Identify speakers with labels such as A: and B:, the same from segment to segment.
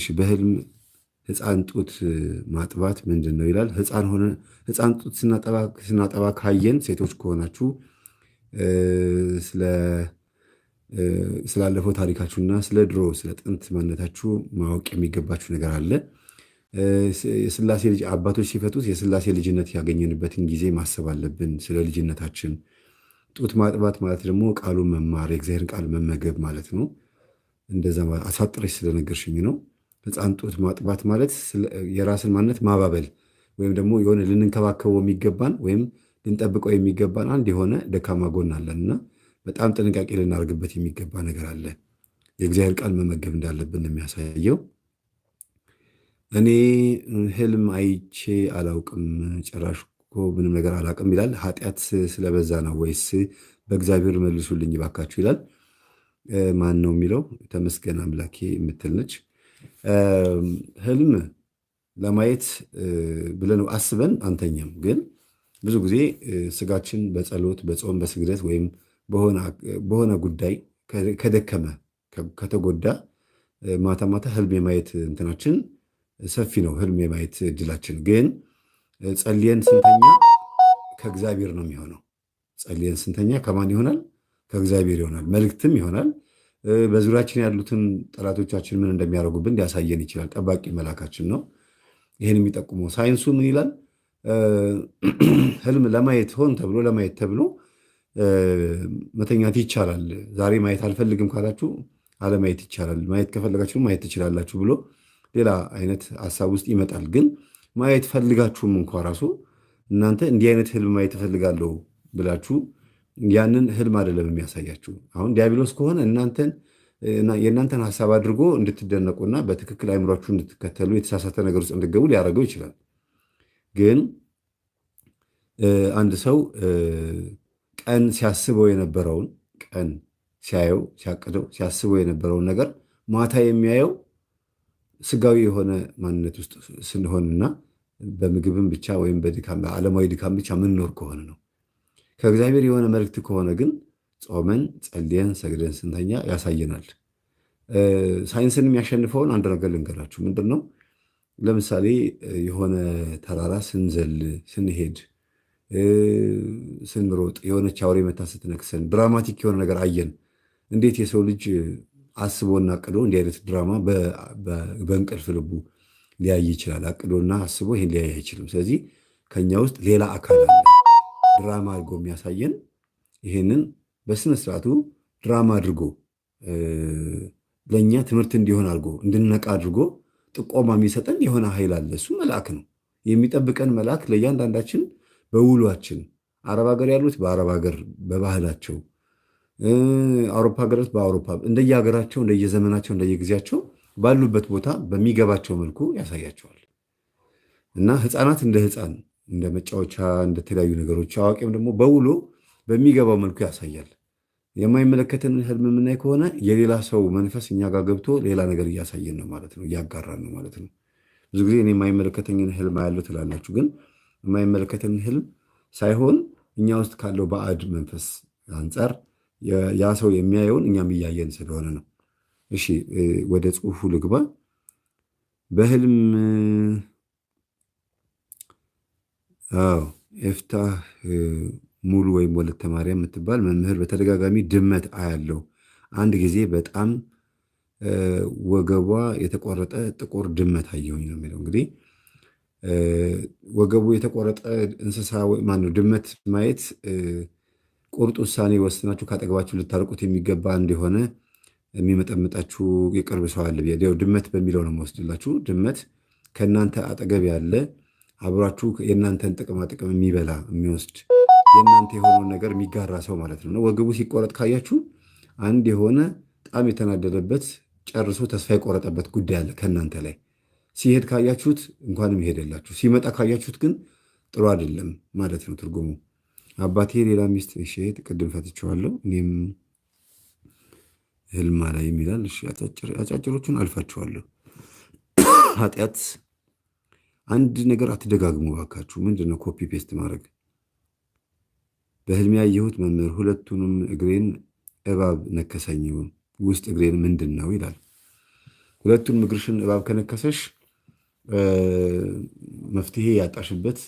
A: እሺ በህልም ህፃን ጡት ማጥባት ምንድን ነው ይላል። ህፃን ጡት ስናጠባ ካየን ሴቶች ከሆናችሁ ስላለፈው ታሪካችሁና ስለ ድሮ ስለ ጥንት ማንነታችሁ ማወቅ የሚገባችሁ ነገር አለ። የስላሴ ልጅ አባቶች ሲፈቱት የስላሴ ልጅነት ያገኘንበትን ጊዜ ማሰብ አለብን፣ ስለ ልጅነታችን። ጡት ማጥባት ማለት ደግሞ ቃሉ መማር የእግዚአብሔርን ቃል መመገብ ማለት ነው። እንደዛ አሳጥረሽ ስለነገርሽኝ ነው። ህፃን ጡት ማጥባት ማለት የራስን ማንነት ማባበል ወይም ደግሞ የሆነ ልንንከባከበው የሚገባን ወይም ልንጠብቀው የሚገባን አንድ የሆነ ደካማ ጎን አለን እና በጣም ጥንቃቄ ልናደርግበት የሚገባ ነገር አለ። የእግዚአብሔር ቃል መመገብ እንዳለብን የሚያሳየው። እኔ ህልም አይቼ አላውቅም፣ ጭራሽ እኮ ምንም ነገር አላውቅም ይላል። ኃጢአት ስለበዛ ነው ወይስ በእግዚአብሔር መልሱልኝ ባካችሁ ይላል። ማን ነው የሚለው? ተመስገን አምላኬ የምትል ነች። ህልም ለማየት ብለን አስበን አንተኛም። ግን ብዙ ጊዜ ስጋችን በጸሎት በጾም በስግደት ወይም በሆነ ጉዳይ ከደከመ ከተጎዳ ማታ ማታ ህልም የማየት እንትናችን ሰፊ ነው። ህልም የማየት እድላችን ግን ጸልየን ስንተኛ ከእግዚአብሔር ነው የሚሆነው። ጸልየን ስንተኛ ከማን ይሆናል? ከእግዚአብሔር ይሆናል። መልእክትም ይሆናል በዙሪያችን ያሉትን ጠላቶቻችን ምን እንደሚያደርጉብን ሊያሳየን ይችላል። ጠባቂ መላካችን ነው ይህን የሚጠቁመው። ሳይንሱ ምን ይላል? ህልም ለማየት ሆን ተብሎ ለማየት ተብሎ መተኛት ይቻላል። ዛሬ ማየት አልፈልግም ካላችሁ አለማየት ይቻላል። ማየት ከፈለጋችሁ ማየት ትችላላችሁ ብሎ ሌላ አይነት ሀሳብ ውስጥ ይመጣል። ግን ማየት ፈልጋችሁም እንኳ ራሱ እናንተ እንዲህ አይነት ህልም ማየት እፈልጋለሁ ብላችሁ ያንን ህልም አይደለም የሚያሳያችሁ። አሁን ዲያብሎስ ከሆነ የእናንተን ሀሳብ አድርጎ እንድትደነቁና በትክክል አይምሯችሁ እንድትከተሉ የተሳሳተ ነገር ውስጥ እንድገቡ ሊያደርገው ይችላል። ግን አንድ ሰው ቀን ሲያስበው የነበረውን ቀን ሲያየው ሲያቅደው ሲያስበው የነበረውን ነገር ማታ የሚያየው ስጋዊ የሆነ ማንነት ውስጥ ስንሆንና በምግብም ብቻ ወይም በድካም ዓለማዊ ድካም ብቻ ምንኖር ከሆነ ነው። ከእግዚአብሔር የሆነ መልእክት ከሆነ ግን ጾመን፣ ጸልየን፣ ሰግደን ስንተኛ ያሳየናል። ሳይንስን የሚያሸንፈውን አንድ ነገር ልንገራችሁ። ምንድን ነው? ለምሳሌ የሆነ ተራራ ስንዘል፣ ስንሄድ፣ ስንሮጥ የሆነች አውሬ መታ ስትነክሰን ድራማቲክ የሆነ ነገር አየን። እንዴት የሰው ልጅ አስቦና አቅዶ እንዲህ አይነት ድራማ በእንቅልፍ ልቡ ሊያይ ይችላል? አቅዶና አስቦ ይህን ሊያይ አይችልም። ስለዚህ ከኛ ውስጥ ሌላ አካል አለ። ድራማ አድርጎ የሚያሳየን ይሄንን በስነስርዓቱ ድራማ አድርጎ ለእኛ ትምህርት እንዲሆን አድርጎ እንድንነቃ አድርጎ ጥቆማ የሚሰጠን የሆነ ኃይል አለ። እሱ መልአክ ነው የሚጠብቀን መልአክ ለእያንዳንዳችን በውሏችን አረብ ሀገር ያሉት በአረብ ሀገር በባህላቸው፣ አውሮፓ ሀገራት በአውሮፓ እንደየሀገራቸው እንደየዘመናቸው እንደየጊዜያቸው ባሉበት ቦታ በሚገባቸው መልኩ ያሳያቸዋል እና ህፃናት እንደ ህፃን። እንደ መጫወቻ እንደተለያዩ ነገሮች አዋቂም ደግሞ በውሎ በሚገባው መልኩ ያሳያል። የማይመለከትን ህልም የምናይ ከሆነ የሌላ ሰው መንፈስ እኛ ጋር ገብቶ ሌላ ነገር እያሳየን ነው ማለት ነው፣ እያጋራን ነው ማለት ነው። ብዙ ጊዜ እኔ የማይመለከተኝን ህልም አያለሁ ትላላችሁ፣ ግን የማይመለከትን ህልም ሳይሆን እኛ ውስጥ ካለው ባዕድ መንፈስ አንጻር ያ ሰው የሚያየውን እኛም እያየን ስለሆነ ነው። እሺ ወደ ጽሁፉ ልግባ። በህልም አዎ ኤፍታህ ሙሉ ወይም ወለተ ማርያም የምትባል መምህር በተደጋጋሚ ድመት አያለው። አንድ ጊዜ በጣም ወገቧ የተቆረጠ ጥቁር ድመት አየሁኝ ነው የሚለው። እንግዲህ ወገቡ የተቆረጠ እንስሳ ማነው ድመት ማየት ቁርጥ ውሳኔ ወስናችሁ ካጠገባችሁ ልታርቁት የሚገባ እንደሆነ የሚመጠምጣችሁ የቅርብ ሰው አለ። ድመት በሚለው ነው የምወስድላችሁ። ድመት ከእናንተ አጠገብ ያለ አብሯችሁ የእናንተን ጥቅማ ጥቅም የሚበላ የሚወስድ የእናንተ የሆነውን ነገር የሚጋራ ሰው ማለት ነው። ወግቡ ሲቆረጥ ካያችሁ አንድ የሆነ በጣም የተናደደበት ጨርሶ ተስፋ የቆረጠበት ጉዳይ አለ ከእናንተ ላይ ሲሄድ ካያችሁት እንኳንም ይሄደላችሁ፣ ሲመጣ ካያችሁት ግን ጥሩ አይደለም ማለት ነው ትርጉሙ። አባቴ ሌላ ሚስት ሸሄድ ቅድም ፈትቼዋለሁ እኔም ህልማ ላይ የሚላል አጫጭሮቹን አልፋቸዋለሁ ኃጢአት አንድ ነገር አትደጋግሙ ባካችሁ። ምንድነው ነው ኮፒ ፔስት ማድረግ? በህልሜ ያየሁት መምህር ሁለቱንም እግሬን እባብ ነከሰኝ፣ ውስጥ እግሬን ምንድን ነው ይላል። ሁለቱንም እግርሽን እባብ ከነከሰሽ መፍትሄ ያጣሽበት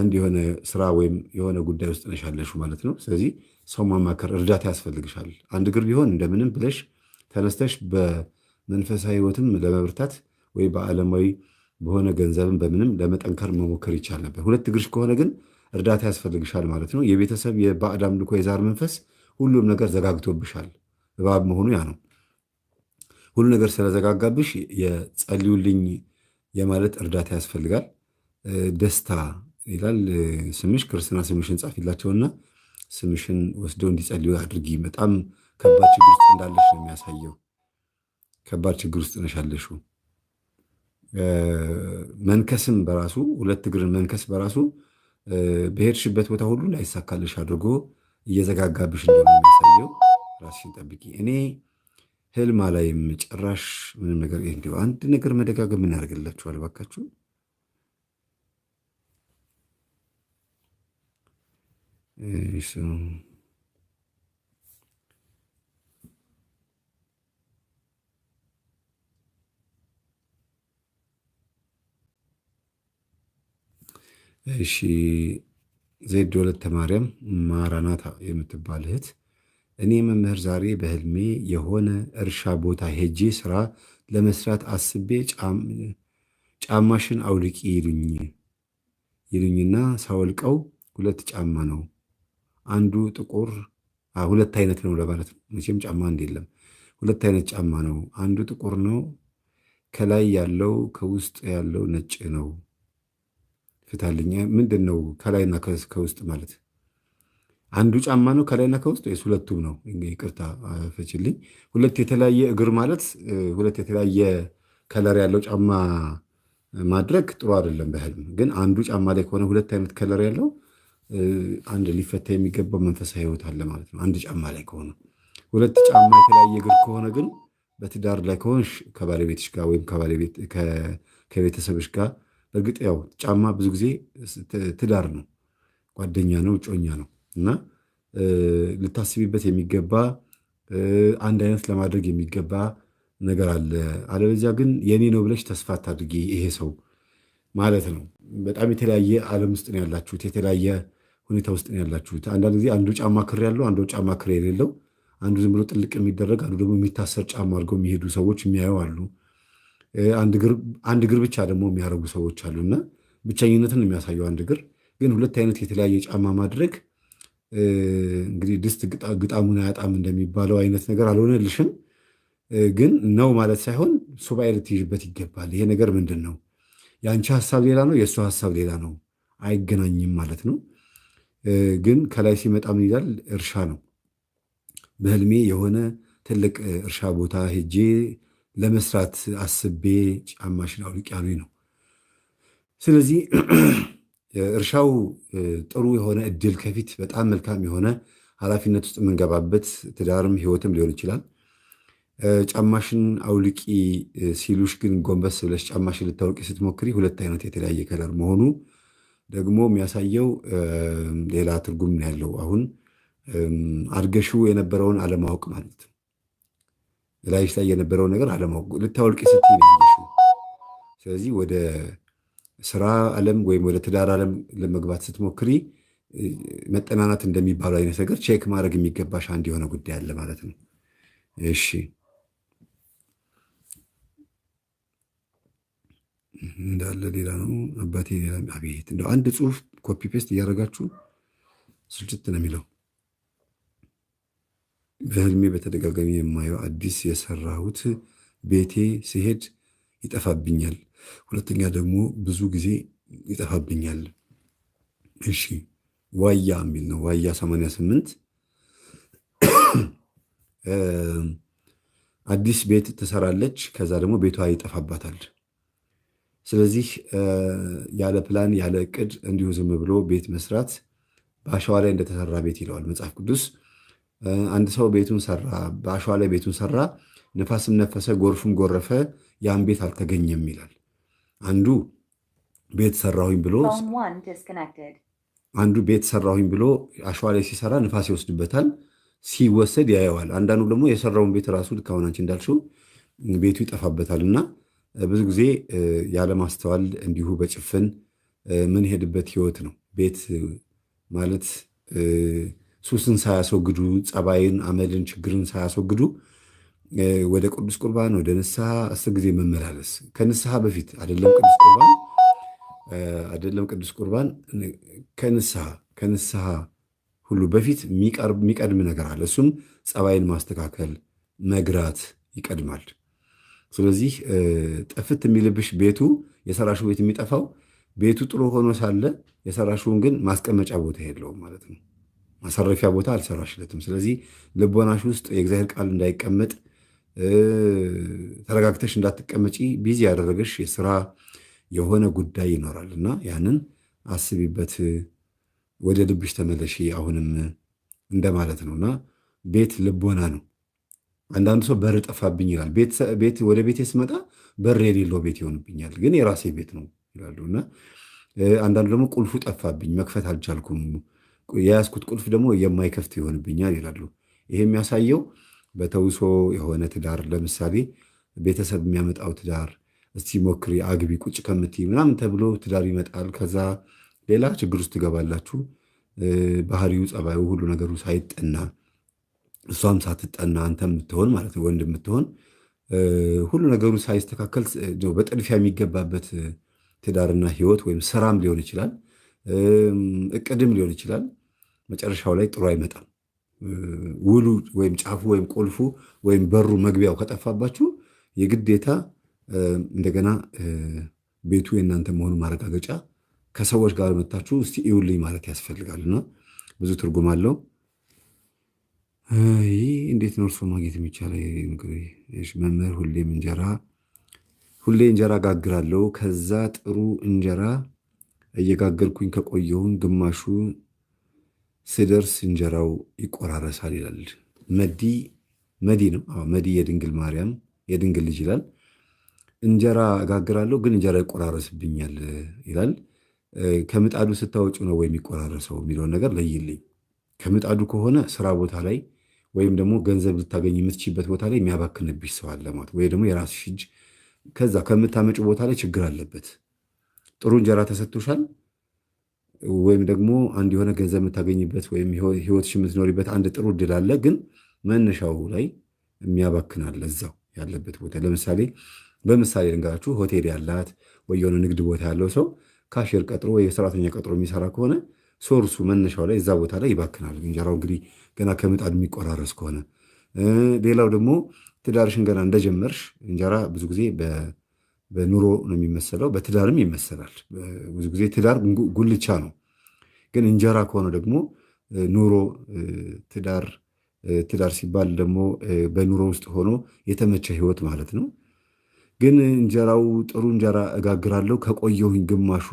A: አንድ የሆነ ስራ ወይም የሆነ ጉዳይ ውስጥ ነሽ ማለት ነው። ስለዚህ ሰው ማማከር፣ እርዳታ ያስፈልግሻል። አንድ እግር ቢሆን እንደምንም ብለሽ ተነስተሽ በመንፈሳዊ ህይወትም ለመብርታት ወይ በዓለማዊ በሆነ ገንዘብን በምንም ለመጠንከር መሞከር ይቻል ነበር። ሁለት እግርሽ ከሆነ ግን እርዳታ ያስፈልግሻል ማለት ነው። የቤተሰብ የባዕድ አምልኮ፣ የዛር መንፈስ፣ ሁሉም ነገር ዘጋግቶብሻል። እባብ መሆኑ ያ ነው። ሁሉ ነገር ስለዘጋጋብሽ የጸልዩልኝ የማለት እርዳታ ያስፈልጋል። ደስታ ይላል ስምሽ፣ ክርስትና ስምሽን ጻፊላቸውና ስምሽን ወስደው እንዲጸልዩ አድርጊ። በጣም ከባድ ችግር ውስጥ እንዳለሽ ነው የሚያሳየው። ከባድ ችግር ውስጥ ነሽ ያለሽው። መንከስም በራሱ ሁለት እግርን መንከስ በራሱ በሄድሽበት ቦታ ሁሉ ላይሳካልሽ አድርጎ እየዘጋጋብሽ እንደሆነ የሚያሳየው ራስሽን ጠብቂ። እኔ ህልማ አላይም ጭራሽ ምንም ነገር። እንዲሁ አንድ ነገር መደጋገም ምን ያደርግላችኋል ባካችሁ? እሺ ዘይድ ወለተ ማርያም ማራናታ የምትባል እህት፣ እኔ መምህር ዛሬ በህልሜ የሆነ እርሻ ቦታ ሄጄ ስራ ለመስራት አስቤ ጫማሽን አውልቂ ይሉኝ ይሉኝና ሳወልቀው ሁለት ጫማ ነው አንዱ ጥቁር ሁለት አይነት ነው ለማለት ነው። መቼም ጫማ አንድ የለም፣ ሁለት አይነት ጫማ ነው። አንዱ ጥቁር ነው ከላይ ያለው፣ ከውስጥ ያለው ነጭ ነው። ፍታልኝ። ምንድን ነው ከላይና ከውስጥ ማለት አንዱ ጫማ ነው ከላይና ከውስጥ ወይስ ሁለቱም ነው? ይቅርታ ፍችልኝ። ሁለት የተለያየ እግር ማለት ሁለት የተለያየ ከለር ያለው ጫማ ማድረግ ጥሩ አይደለም በህልም። ግን አንዱ ጫማ ላይ ከሆነ ሁለት አይነት ከለር ያለው አንድ ሊፈታ የሚገባው መንፈሳዊ ህይወት አለ ማለት ነው። አንድ ጫማ ላይ ከሆነ ሁለት ጫማ የተለያየ እግር ከሆነ ግን በትዳር ላይ ከሆንሽ ከባለቤትሽ ጋር ወይም ከቤተሰብሽ ጋር በእርግጥ ያው ጫማ ብዙ ጊዜ ትዳር ነው፣ ጓደኛ ነው፣ እጮኛ ነው እና ልታስቢበት የሚገባ አንድ አይነት ለማድረግ የሚገባ ነገር አለ። አለበዚያ ግን የኔ ነው ብለሽ ተስፋ አታድርጊ። ይሄ ሰው ማለት ነው በጣም የተለያየ ዓለም ውስጥ ነው ያላችሁት፣ የተለያየ ሁኔታ ውስጥ ነው ያላችሁት። አንዳንድ ጊዜ አንዱ ጫማ ክር ያለው፣ አንዱ ጫማ ክር የሌለው፣ አንዱ ዝም ብሎ ጥልቅ የሚደረግ አንዱ ደግሞ የሚታሰር ጫማ አድርገው የሚሄዱ ሰዎች የሚያዩ አሉ። አንድ እግር ብቻ ደግሞ የሚያደርጉ ሰዎች አሉና ብቸኝነትን የሚያሳየው አንድ እግር ግን ሁለት አይነት የተለያየ ጫማ ማድረግ እንግዲህ ድስት ግጣሙን አያጣም እንደሚባለው አይነት ነገር አልሆነልሽም። ግን ነው ማለት ሳይሆን ሱባኤ ልትይዥበት ይገባል። ይሄ ነገር ምንድን ነው? የአንቺ ሀሳብ ሌላ ነው፣ የእሱ ሀሳብ ሌላ ነው። አይገናኝም ማለት ነው። ግን ከላይ ሲመጣ ምን ይላል? እርሻ ነው። በህልሜ የሆነ ትልቅ እርሻ ቦታ ሄጄ ለመስራት አስቤ ጫማሽን አውልቂ አሉኝ ነው። ስለዚህ እርሻው ጥሩ የሆነ እድል ከፊት በጣም መልካም የሆነ ኃላፊነት ውስጥ የምንገባበት ትዳርም ህይወትም ሊሆን ይችላል። ጫማሽን አውልቂ ሲሉሽ ግን ጎንበስ ብለሽ ጫማሽን ልታወልቂ ስትሞክሪ ሁለት አይነት የተለያየ ከለር መሆኑ ደግሞ የሚያሳየው ሌላ ትርጉም ያለው አሁን አድገሹ የነበረውን አለማወቅ ማለት ነው። ላይሽ ላይ የነበረው ነገር አለማወቅ ልታወልቅ ስትይ ነው። ስለዚህ ወደ ስራ አለም ወይም ወደ ትዳር አለም ለመግባት ስትሞክሪ መጠናናት እንደሚባለው አይነት ነገር ቼክ ማድረግ የሚገባሽ አንድ የሆነ ጉዳይ አለ ማለት ነው። እሺ እንዳለ ሌላ ነው። አባቴ ሌላ አቤት እንደ አንድ ጽሁፍ ኮፒ ፔስት እያደረጋችሁ ስልጭት ነው የሚለው በህልሜ በተደጋጋሚ የማየው አዲስ የሰራሁት ቤቴ ሲሄድ ይጠፋብኛል። ሁለተኛ ደግሞ ብዙ ጊዜ ይጠፋብኛል። እሺ ዋያ የሚል ነው። ዋያ 88 አዲስ ቤት ትሰራለች። ከዛ ደግሞ ቤቷ ይጠፋባታል። ስለዚህ ያለ ፕላን ያለ እቅድ እንዲሁ ዝም ብሎ ቤት መስራት በአሸዋ ላይ እንደተሰራ ቤት ይለዋል መጽሐፍ ቅዱስ። አንድ ሰው ቤቱን ሰራ፣ በአሸዋ ላይ ቤቱን ሰራ፣ ነፋስም ነፈሰ፣ ጎርፍም ጎረፈ፣ ያን ቤት አልተገኘም ይላል። አንዱ ቤት ሰራሁኝ ብሎ አንዱ ቤት ሰራሁኝ ብሎ አሸዋ ላይ ሲሰራ ንፋስ ይወስድበታል፣ ሲወሰድ ያየዋል። አንዳንዱ ደግሞ የሰራውን ቤት ራሱ ልክ አሁን አንቺ እንዳልሽው ቤቱ ይጠፋበታል። እና ብዙ ጊዜ ያለማስተዋል እንዲሁ በጭፍን ምን ሄድበት ህይወት ነው ቤት ማለት ሱስን ሳያስወግዱ ጸባይን፣ አመልን፣ ችግርን ሳያስወግዱ ወደ ቅዱስ ቁርባን ወደ ንስሐ አስር ጊዜ መመላለስ ከንስሐ በፊት አይደለም ቅዱስ ቁርባን አይደለም ቅዱስ ቁርባን ከንስሐ ከንስሐ ሁሉ በፊት የሚቀድም ነገር አለ። እሱም ጸባይን ማስተካከል መግራት ይቀድማል። ስለዚህ ጥፍት የሚልብሽ ቤቱ የሰራሹ ቤት የሚጠፋው ቤቱ ጥሩ ሆኖ ሳለ የሰራሹን ግን ማስቀመጫ ቦታ የለውም ማለት ነው። ማሳረፊያ ቦታ አልሰራሽለትም። ስለዚህ ልቦናሽ ውስጥ የእግዚአብሔር ቃል እንዳይቀመጥ ተረጋግተሽ እንዳትቀመጪ ቢዚ ያደረገሽ የስራ የሆነ ጉዳይ ይኖራል እና ያንን አስቢበት፣ ወደ ልብሽ ተመለሺ አሁንም እንደማለት ነው እና ቤት ልቦና ነው። አንዳንዱ ሰው በር ጠፋብኝ ይላል። ወደ ቤቴ ስመጣ በር የሌለው ቤት ይሆንብኛል፣ ግን የራሴ ቤት ነው ይላሉ እና አንዳንዱ ደግሞ ቁልፉ ጠፋብኝ መክፈት አልቻልኩም የያዝኩት ቁልፍ ደግሞ የማይከፍት ይሆንብኛል ይላሉ። ይሄ የሚያሳየው በተውሶ የሆነ ትዳር ለምሳሌ ቤተሰብ የሚያመጣው ትዳር እስቲ ሞክሪ አግቢ ቁጭ ከምትይ ምናምን ተብሎ ትዳር ይመጣል። ከዛ ሌላ ችግር ውስጥ ትገባላችሁ። ባህሪው፣ ጸባዩ፣ ሁሉ ነገሩ ሳይጠና እሷም ሳትጠና አንተ የምትሆን ማለት ነው ወንድ የምትሆን ሁሉ ነገሩ ሳይስተካከል በጥድፊያ የሚገባበት ትዳርና ህይወት ወይም ስራም ሊሆን ይችላል። እቅድም ሊሆን ይችላል። መጨረሻው ላይ ጥሩ አይመጣም። ውሉ ወይም ጫፉ ወይም ቁልፉ ወይም በሩ መግቢያው ከጠፋባችሁ የግዴታ እንደገና ቤቱ የእናንተ መሆኑ ማረጋገጫ ከሰዎች ጋር መታችሁ እስቲ ይውልኝ ማለት ያስፈልጋልና ብዙ ትርጉም አለው። ይህ እንዴት ነው እርሶ ማግኘት የሚቻለ? መምህር ሁሌም እንጀራ ሁሌ እንጀራ ጋግራለሁ። ከዛ ጥሩ እንጀራ እየጋገርኩኝ ከቆየውን ግማሹ ስደርስ እንጀራው ይቆራረሳል ይላል። መዲ መዲ ነው። መዲ የድንግል ማርያም የድንግል ልጅ ይላል። እንጀራ እጋግራለሁ ግን እንጀራ ይቆራረስብኛል ይላል። ከምጣዱ ስታወጩ ነው ወይም የሚቆራረሰው የሚለውን ነገር ለይልኝ። ከምጣዱ ከሆነ ስራ ቦታ ላይ ወይም ደግሞ ገንዘብ ልታገኝ የምትችበት ቦታ ላይ የሚያባክንብሽ ሰው አለ ማለት ወይ ደግሞ የራስሽ እጅ ከዛ ከምታመጩ ቦታ ላይ ችግር አለበት። ጥሩ እንጀራ ተሰጥቶሻል ወይም ደግሞ አንድ የሆነ ገንዘብ የምታገኝበት ወይም ህይወትሽ የምትኖሪበት አንድ ጥሩ እድል አለ። ግን መነሻው ላይ የሚያባክናል እዛው ያለበት ቦታ። ለምሳሌ በምሳሌ ልንገራችሁ፣ ሆቴል ያላት ወይ የሆነ ንግድ ቦታ ያለው ሰው ካሽር ቀጥሮ ወይ ሰራተኛ ቀጥሮ የሚሰራ ከሆነ ሶርሱ መነሻው ላይ እዛ ቦታ ላይ ይባክናል። እንጀራው እንግዲህ ገና ከምጣድ የሚቆራረስ ከሆነ ሌላው ደግሞ ትዳርሽን ገና እንደጀመርሽ እንጀራ ብዙ ጊዜ በኑሮ ነው የሚመሰለው፣ በትዳርም ይመሰላል። ብዙ ጊዜ ትዳር ጉልቻ ነው። ግን እንጀራ ከሆነ ደግሞ ኑሮ ትዳር ትዳር ሲባል ደግሞ በኑሮ ውስጥ ሆኖ የተመቸ ህይወት ማለት ነው። ግን እንጀራው ጥሩ እንጀራ እጋግራለሁ ከቆየሁኝ ግማሹ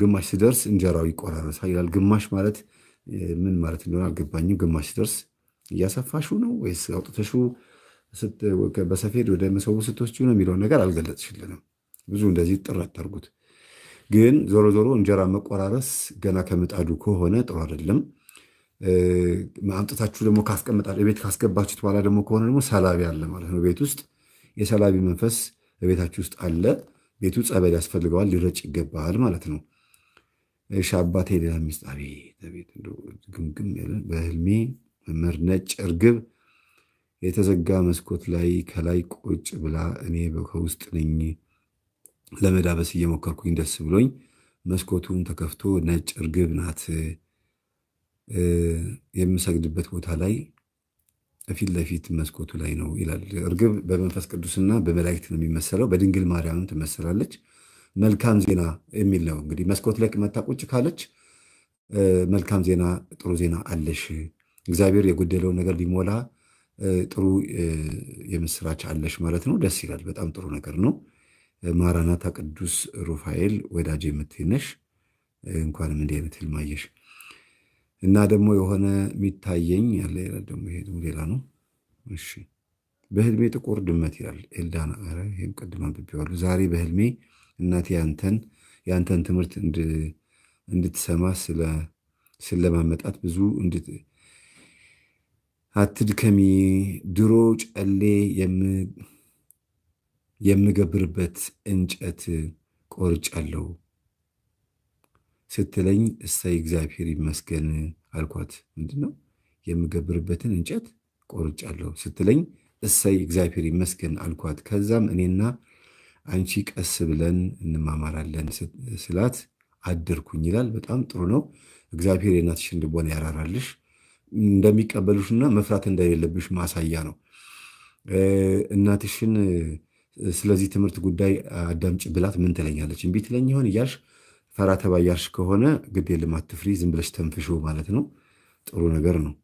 A: ግማሽ ስደርስ እንጀራው ይቆራረሳል ይላል። ግማሽ ማለት ምን ማለት እንደሆነ አልገባኝም። ግማሽ ስደርስ እያሰፋሹ ነው ወይስ አውጥተሹ በሰፌድ ወደ መሰቡ ስትወስጂ ነው የሚለውን ነገር አልገለጽሽልንም። ብዙ እንደዚህ ጥረት ታርጉት። ግን ዞሮ ዞሮ እንጀራ መቆራረስ ገና ከምጣዱ ከሆነ ጥሩ አይደለም። አምጥታችሁ ደግሞ ካስቀምጣ ቤት ካስገባችሁት በኋላ ደግሞ ከሆነ ደግሞ ሰላቢ አለ ማለት ነው። ቤት ውስጥ የሰላቢ መንፈስ በቤታችሁ ውስጥ አለ። ቤቱ ጸበል ያስፈልገዋል፣ ሊረጭ ይገባል ማለት ነው። እሺ አባቴ ሌላ ሚስት አቤት ቤት ግምግም በህልሜ መምህር ነጭ እርግብ የተዘጋ መስኮት ላይ ከላይ ቁጭ ብላ እኔ ከውስጥ ነኝ ለመዳበስ እየሞከርኩኝ ደስ ብሎኝ መስኮቱን ተከፍቶ ነጭ እርግብ ናት። የምሰግድበት ቦታ ላይ ፊት ለፊት መስኮቱ ላይ ነው ይላል። እርግብ በመንፈስ ቅዱስና በመላእክት ነው የሚመሰለው። በድንግል ማርያምም ትመሰላለች። መልካም ዜና የሚል ነው እንግዲህ። መስኮት ላይ መታ ቁጭ ካለች መልካም ዜና፣ ጥሩ ዜና አለሽ። እግዚአብሔር የጎደለውን ነገር ሊሞላ ጥሩ የምስራች አለሽ ማለት ነው። ደስ ይላል። በጣም ጥሩ ነገር ነው። ማራናታ ቅዱስ ሩፋኤል ወዳጅ የምትነሽ እንኳንም እንዲህ አይነት ህልም አየሽ። እና ደግሞ የሆነ የሚታየኝ ያለ ደግሞ ይሄ ሌላ ነው። እሺ በህልሜ ጥቁር ድመት ይላል ኤልዳና። ኧረ ይህም ቅድም አንብቤዋለሁ። ዛሬ በህልሜ እናቴ ያንተን ያንተን ትምህርት እንድትሰማ ስለማመጣት ብዙ አትድከሚ ድሮ ጨሌ የምገብርበት እንጨት ቆርጫለሁ ስትለኝ እሰይ እግዚአብሔር ይመስገን አልኳት። ምንድን ነው የምገብርበትን እንጨት ቆርጫለሁ ስትለኝ እሰይ እግዚአብሔር ይመስገን አልኳት። ከዛም እኔና አንቺ ቀስ ብለን እንማማራለን ስላት አደርኩኝ ይላል። በጣም ጥሩ ነው። እግዚአብሔር የእናትሽን ልቦና ያራራልሽ። እንደሚቀበሉሽና መፍራት እንደሌለብሽ ማሳያ ነው። እናትሽን ስለዚህ ትምህርት ጉዳይ አዳምጭ ብላት ምን ትለኛለች? እምቢ ትለኝ ይሆን እያልሽ ፈራ ተባ ከሆነ ግድ የለም አትፍሪ፣ ዝም ብለሽ ተንፍሾ ማለት ነው። ጥሩ ነገር ነው።